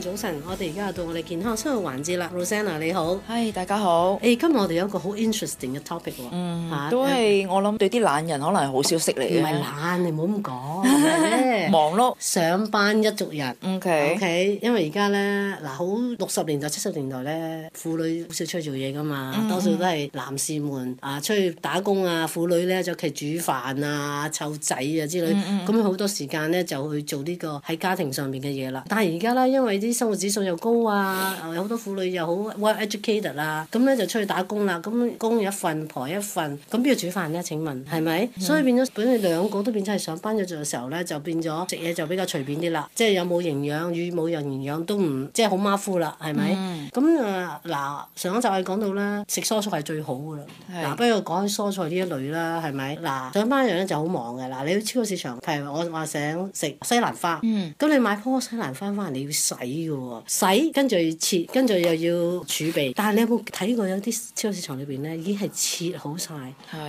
早晨，我哋而家到我哋健康生活環節啦，Rosanna 你好，嗨，hey，大家好。誒，今日我哋有一個好 interesting 嘅 topic，嗯，都係我諗對啲懶人可能係好消息嚟嘅。唔係、嗯、懶，你唔好咁講， 係咪忙碌上班一族人，OK OK，因為而家咧嗱，好六十年代、七十年代咧，婦女好少出去做嘢㗎嘛，嗯、哼多數都係男士們啊出去打工啊，婦女咧就其煮飯啊、湊仔啊之類，咁好多時間咧就去做呢個喺家庭上面嘅嘢啦。嗯、哼但係而家咧，因為，啲啲生活指數又高啊，有好多婦女又好 well educated 啊，咁、嗯、咧就出去打工啦，咁、嗯、供一份，婆一份，咁邊度煮飯咧？請問係咪？Mm hmm. 所以變咗，本來兩個都變咗係上班嘅時候咧，就變咗食嘢就比較隨便啲啦，即係有冇營養與冇人營養都唔，即係好馬虎啦，係咪？咁啊嗱，上一集我講到咧，食蔬菜係最好噶啦，嗱、mm，不、hmm. 如講起蔬菜呢一類啦，係咪？嗱，上班人咧就好忙嘅，嗱、呃，你去超級市場，譬如我話想食西蘭花，咁、mm hmm. 你買棵西蘭花翻嚟你要洗。洗跟住切，跟住又要儲備。但係你有冇睇過有啲超市場裏邊咧，已經係切好晒，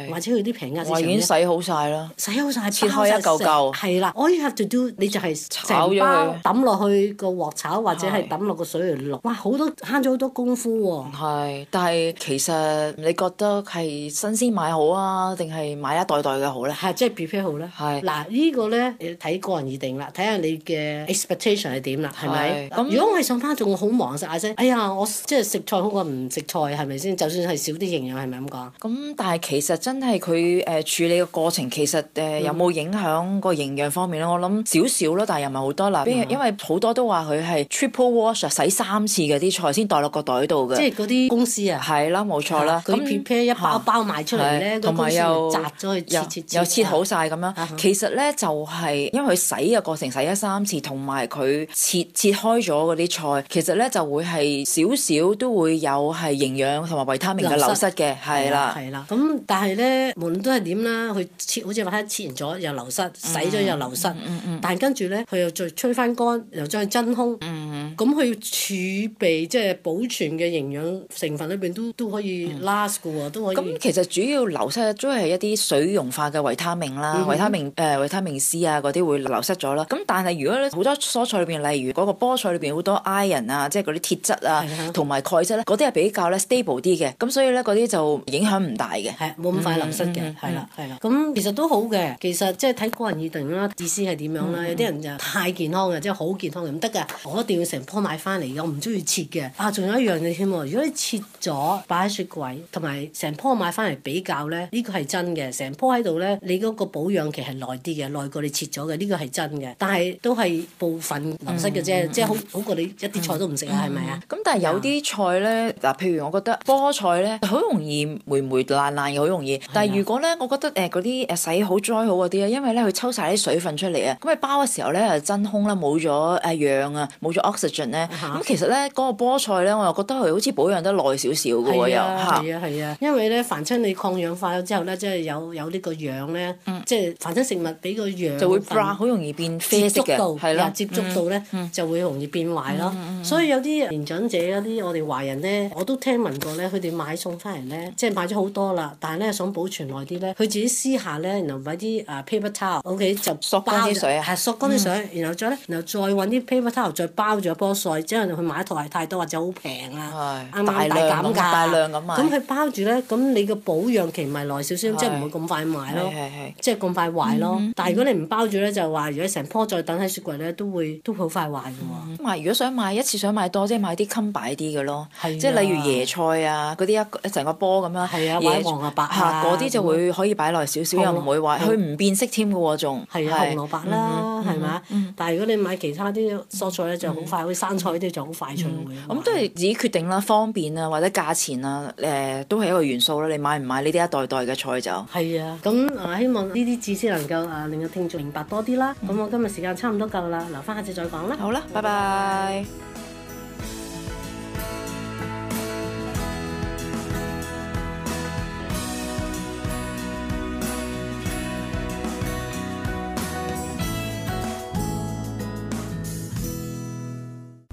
或者佢啲平價市場已經洗好晒啦，洗好晒切開一嚿嚿。係啦，我 have to do，你就係炒咗佢，抌落去個鑊炒，或者係抌落個水嚟淥。哇，好多慳咗好多功夫喎。係，但係其實你覺得係新鮮買好啊，定係買一袋袋嘅好咧？係即係 prepare 好咧。係嗱，呢個咧要睇個人而定啦，睇下你嘅 expectation 係點啦，係咪？如果我係上班，仲好忙晒下先。哎呀，我即係食菜好過唔食菜，係咪先？就算係少啲營養，係咪咁講？咁但係其實真係佢誒處理嘅過程，其實誒有冇影響個營養方面咧？我諗少少咯，但係又唔係好多啦，因為好多都話佢係 triple wash，洗三次嘅啲菜先袋落個袋度嘅。即係嗰啲公司啊。係啦，冇錯啦。咁 prepare 一包包賣出嚟咧，佢公司又扎咗去又切好晒咁樣。其實咧就係因為佢洗嘅過程洗咗三次，同埋佢切切開。咗啲菜，其實咧就會係少少都會有係營養同埋維他命嘅流失嘅，係啦，係啦。咁但係咧，無論都係點啦，佢切好似話切完咗又流失，嗯、洗咗又流失，嗯嗯嗯、但跟住咧佢又再吹翻乾，又將佢真空。嗯咁佢要儲備即係、就是、保存嘅營養成分裏邊都都可以 last 嘅都可以。咁、嗯、其實主要流失嘅都係一啲水溶化嘅維他命啦，嗯、哼維他命誒、呃、維他命 C 啊嗰啲會流失咗啦。咁但係如果你好多蔬菜裏邊，例如嗰個菠菜裏邊好多 iron 啊，即係嗰啲鐵質啊，同埋、啊、鈣質咧，嗰啲係比較咧 stable 啲嘅。咁所以咧嗰啲就影響唔大嘅，係冇咁快流失嘅，係啦，係啦。咁其實都好嘅，其實即係睇個人而定啦，意思係點樣啦？嗯、有啲人就太健康嘅，即係好健康嘅唔得㗎，我一定要成棵買翻嚟嘅，我唔中意切嘅。啊，仲有一樣嘢添喎，如果你切咗擺喺雪櫃，同埋成棵買翻嚟比較咧，呢個係真嘅。成棵喺度咧，你嗰個保養期係耐啲嘅，耐過你切咗嘅。呢個係真嘅，但係都係部分流失嘅啫，即係、嗯嗯、好好過你一啲菜都唔食啊，係咪啊？咁、嗯、言但係有啲菜咧，嗱，譬如我覺得菠菜咧，好容易霉霉爛爛嘅，好容易。但係如果咧，言言我覺得誒嗰啲誒洗好、栽好嗰啲咧，因為咧佢抽晒啲水分出嚟啊。咁你包嘅時候咧，真空啦，冇咗誒氧啊，冇咗 ox。咧咁其實咧嗰個菠菜咧，我又覺得佢好似保養得耐少少嘅喎又係。係啊係啊，因為咧凡親你抗氧化咗之後咧，即係有有呢個氧咧，即係凡親食物俾個氧就會變，好容易變啡色嘅。係啦，接觸到咧就會容易變壞咯。所以有啲年長者嗰啲，我哋華人咧，我都聽聞過咧，佢哋買餸翻嚟咧，即係買咗好多啦，但係咧想保存耐啲咧，佢自己私下咧，然後搵啲啊 paper towel，OK 就縮乾啲水啊，係縮乾啲水，然後再咧，然後再揾啲 paper towel 再包咗。個菜即係去買一套係太多或者好平啊，大大減價，大量咁買。咁佢包住咧，咁你個保養期咪耐少少，即係唔會咁快壞咯，即係咁快壞咯。但係如果你唔包住咧，就係話如果成棵再等喺雪櫃咧，都會都好快壞嘅喎。如果想買一次想買多，即係買啲襟擺啲嘅咯，即係例如椰菜啊嗰啲一成個波咁樣，黃啊白嚇嗰啲就會可以擺耐少少，又唔會話佢唔變色添嘅喎，仲紅蘿蔔啦，係咪？但係如果你買其他啲蔬菜咧，就好快生菜呢啲就好快脆，咁都係自己決定啦。方便啊，或者價錢啊，誒、呃、都係一個元素啦。你買唔買呢啲一袋袋嘅菜就係啊。咁、嗯、啊，希望呢啲知識能夠啊令到聽眾明白多啲啦。咁、嗯、我今日時間差唔多夠啦，留翻下次再講啦。好啦，拜拜。拜拜。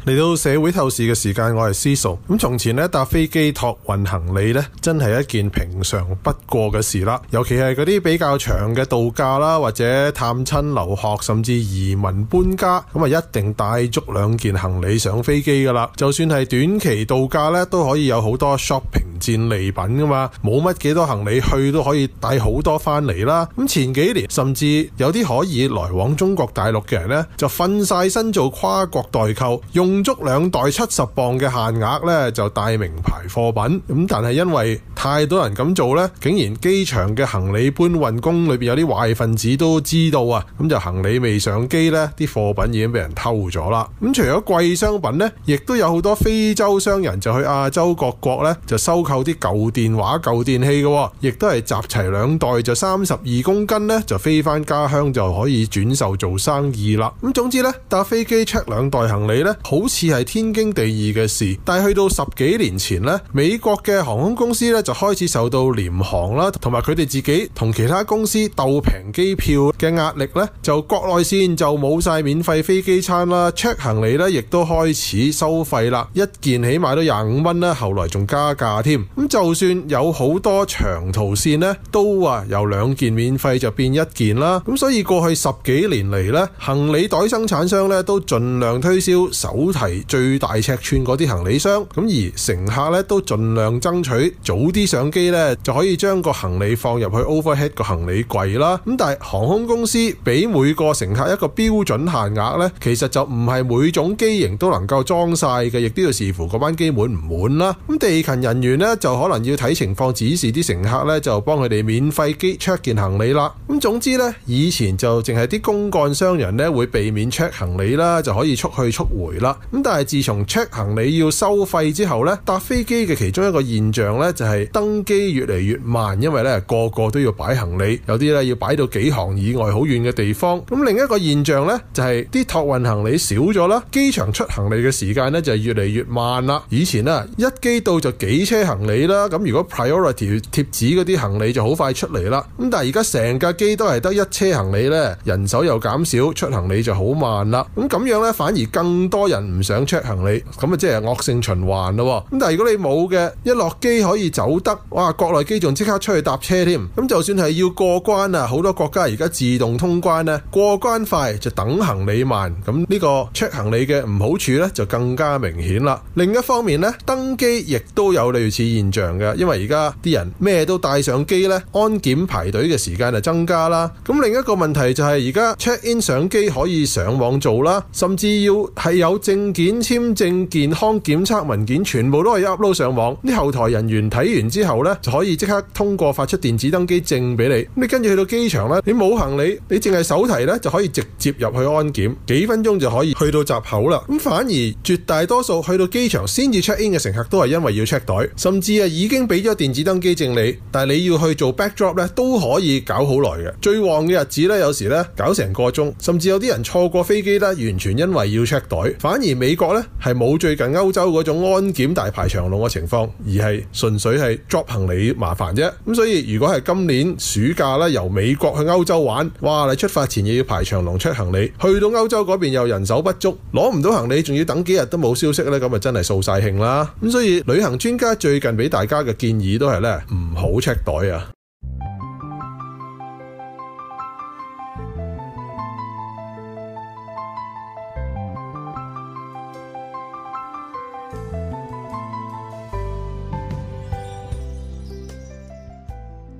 嚟到社會透視嘅時間，我係司徒。咁從前呢，搭飛機託運行李呢，真係一件平常不過嘅事啦。尤其係嗰啲比較長嘅度假啦，或者探親、留學，甚至移民搬家，咁啊一定帶足兩件行李上飛機㗎啦。就算係短期度假呢，都可以有好多 shopping。戰利品噶嘛，冇乜幾多行李去都可以帶好多翻嚟啦。咁前幾年甚至有啲可以來往中國大陸嘅人呢，就瞓晒身做跨國代購，用足兩袋七十磅嘅限額呢，就帶名牌貨品。咁但係因為，太多人咁做呢，竟然機場嘅行李搬運工裏邊有啲壞分子都知道啊，咁、嗯、就行李未上機呢啲貨品已經俾人偷咗啦。咁、嗯、除咗貴商品呢，亦都有好多非洲商人就去亞洲各國呢就收購啲舊電話、舊電器嘅、哦，亦都係集齊兩袋就三十二公斤呢就飛返家鄉就可以轉售做生意啦。咁、嗯、總之呢，搭飛機 check 兩袋行李呢好似係天經地義嘅事，但係去到十幾年前呢，美國嘅航空公司呢。就開始受到廉航啦，同埋佢哋自己同其他公司鬥平機票嘅壓力呢，就國內線就冇晒免費飛機餐啦，check 行李呢，亦都開始收費啦，一件起碼都廿五蚊啦，後來仲加價添。咁就算有好多長途線呢，都話有兩件免費就變一件啦。咁所以過去十幾年嚟呢，行李袋生產商呢，都盡量推銷手提最大尺寸嗰啲行李箱，咁而乘客呢，都盡量爭取早啲。啲相機咧，就可以將個行李放入去 overhead 個行李櫃啦。咁但係航空公司俾每個乘客一個標準限額呢，其實就唔係每種機型都能夠裝晒嘅，亦都要視乎嗰班機滿唔滿啦。咁地勤人員呢，就可能要睇情況指示啲乘客呢，就幫佢哋免費機 check 件行李啦。咁總之呢，以前就淨係啲公幹商人呢會避免 check 行李啦，就可以速去速回啦。咁但係自從 check 行李要收費之後呢，搭飛機嘅其中一個現象呢，就係、是。登機越嚟越慢，因為咧個個都要擺行李，有啲咧要擺到幾行以外好遠嘅地方。咁另一個現象呢，就係啲託運行李少咗啦，機場出行李嘅時間咧就係越嚟越慢啦。以前啊，一機到就幾車行李啦，咁如果 priority 貼紙嗰啲行李就好快出嚟啦。咁但係而家成架機都係得一車行李呢，人手又減少，出行李就好慢啦。咁咁樣呢，反而更多人唔想 check 行李，咁啊即係惡性循環咯。咁但係如果你冇嘅，一落機可以走。得哇！國內機仲即刻出去搭車添，咁就算係要過關啊，好多國家而家自動通關咧，過關快就等行李慢，咁呢個 check 行李嘅唔好處呢，就更加明顯啦。另一方面呢，登機亦都有類似現象嘅，因為而家啲人咩都帶上機呢，安檢排隊嘅時間就增加啦。咁另一個問題就係而家 check in 上機可以上網做啦，甚至要係有證件、簽證、健康檢測文件，全部都係 upload 上網，啲後台人員睇完。之後呢，就可以即刻通過發出電子登機證俾你，你跟住去到機場呢，你冇行李，你淨係手提呢，就可以直接入去安檢，幾分鐘就可以去到閘口啦。咁反而絕大多數去到機場先至 check in 嘅乘客都係因為要 check 袋，甚至啊，已經俾咗電子登機證你，但係你要去做 backdrop 呢，都可以搞好耐嘅。最旺嘅日子呢，有時呢搞成個鐘，甚至有啲人錯過飛機呢，完全因為要 check 袋。反而美國呢，係冇最近歐洲嗰種安檢大排長龍嘅情況，而係純粹係。drop 行李麻煩啫，咁所以如果係今年暑假咧，由美國去歐洲玩，哇！你出發前又要排長龍 check 行李，去到歐洲嗰邊又人手不足，攞唔到行李，仲要等幾日都冇消息咧，咁啊真係掃晒興啦！咁所以旅行專家最近俾大家嘅建議都係咧，唔好 check 袋啊。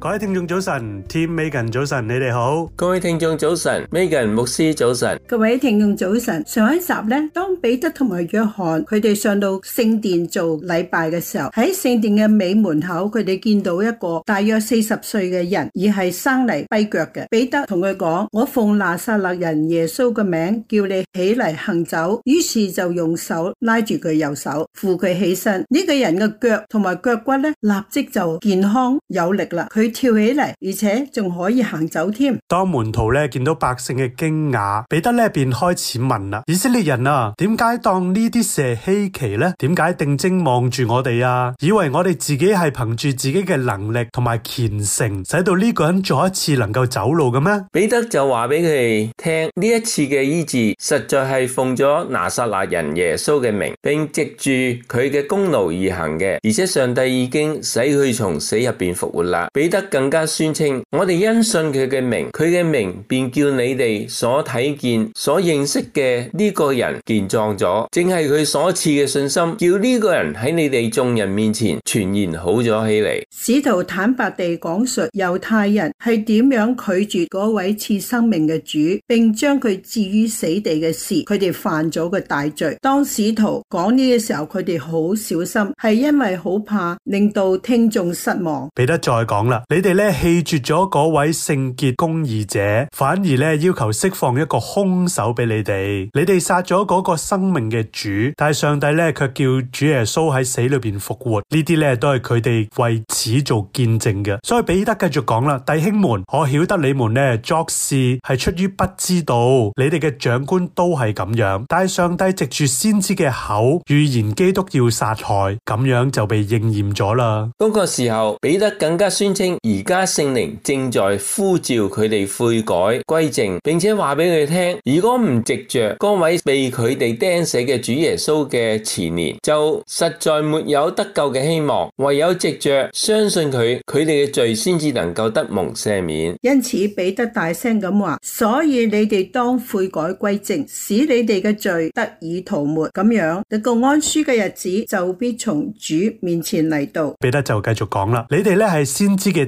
各位聽眾早晨，Team Megan 早晨，你哋好。各位聽眾早晨，Megan 牧師早晨。各位聽眾早晨。上一集咧，當彼得同埋約翰佢哋上到聖殿做禮拜嘅時候，喺聖殿嘅尾門口，佢哋見到一個大約四十歲嘅人，而係生嚟跛腳嘅。彼得同佢講：我奉拿撒勒人耶穌嘅名，叫你起嚟行走。於是就用手拉住佢右手，扶佢起身。呢個人嘅腳同埋腳骨咧，立即就健康有力啦。佢。跳起嚟，而且仲可以行走添。當門徒咧見到百姓嘅驚訝，彼得呢便開始問啦：以色列人啊，點解當呢啲事稀奇呢？點解定睛望住我哋啊？以為我哋自己係憑住自己嘅能力同埋虔誠，使到呢個人再一次能夠走路嘅咩？彼得就話俾佢哋聽：呢一次嘅醫治，實在係奉咗拿撒勒人耶穌嘅名，並藉住佢嘅功勞而行嘅。而且上帝已經使佢從死入邊復活啦。彼得。更加宣稱，我哋因信佢嘅名，佢嘅名便叫你哋所睇見、所認識嘅呢個人健壯咗，正係佢所賜嘅信心，叫呢個人喺你哋眾人面前全然好咗起嚟。使徒坦白地講述猶太人係點樣拒絕嗰位賜生命嘅主，並將佢置於死地嘅事，佢哋犯咗個大罪。當使徒講呢嘅時候，佢哋好小心，係因為好怕令到聽眾失望，彼得再講啦。你哋咧棄絕咗嗰位聖潔公義者，反而咧要求釋放一個兇手俾你哋。你哋殺咗嗰個生命嘅主，但係上帝咧卻叫主耶穌喺死裏邊復活。呢啲咧都係佢哋為此做見證嘅。所以彼得繼續講啦：「弟兄們，我曉得你們咧作事係出於不知道，你哋嘅長官都係咁樣。但係上帝藉住先知嘅口預言基督要殺害，咁樣就被應驗咗啦。嗰個時候，彼得更加宣稱。而家聖靈正在呼召佢哋悔改歸正，並且話俾佢哋聽：如果唔藉着嗰位被佢哋釘死嘅主耶穌嘅慈憐，就實在沒有得救嘅希望。唯有藉着相信佢，佢哋嘅罪先至能夠得蒙赦免。因此彼得大聲咁話：所以你哋當悔改歸正，使你哋嘅罪得以塗抹。咁樣，你個安舒嘅日子就必從主面前嚟到。彼得就繼續講啦：你哋呢係先知嘅。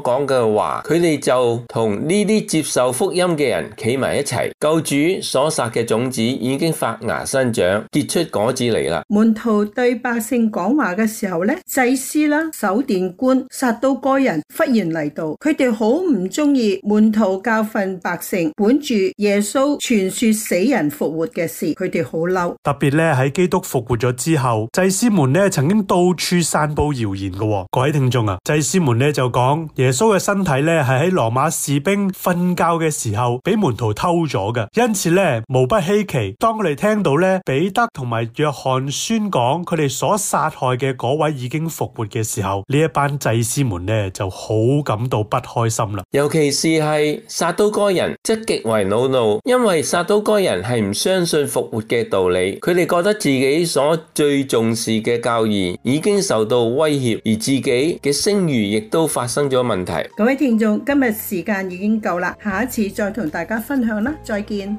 講嘅話，佢哋就同呢啲接受福音嘅人企埋一齊。救主所撒嘅種子已經發芽生長，結出果子嚟啦。門徒對百姓講話嘅時候咧，祭司啦、守殿官、撒都該人忽然嚟到，佢哋好唔中意門徒教訓百姓，本住耶穌傳說死人復活嘅事，佢哋好嬲。特別咧喺基督復活咗之後，祭司們咧曾經到處散布謠言嘅。各位聽眾啊，祭司們咧就講嘢。耶穌嘅身體咧係喺羅馬士兵瞓覺嘅時候，俾門徒偷咗嘅。因此咧，無不稀奇。當佢哋聽到咧彼得同埋約翰宣講佢哋所殺害嘅嗰位已經復活嘅時候，呢一班祭司們咧就好感到不開心啦。尤其是係撒都該人，即係極為惱怒，因為撒都該人係唔相信復活嘅道理。佢哋覺得自己所最重視嘅教義已經受到威脅，而自己嘅聲譽亦都發生咗問題。各位聽眾，今日時間已經夠啦，下一次再同大家分享啦，再見。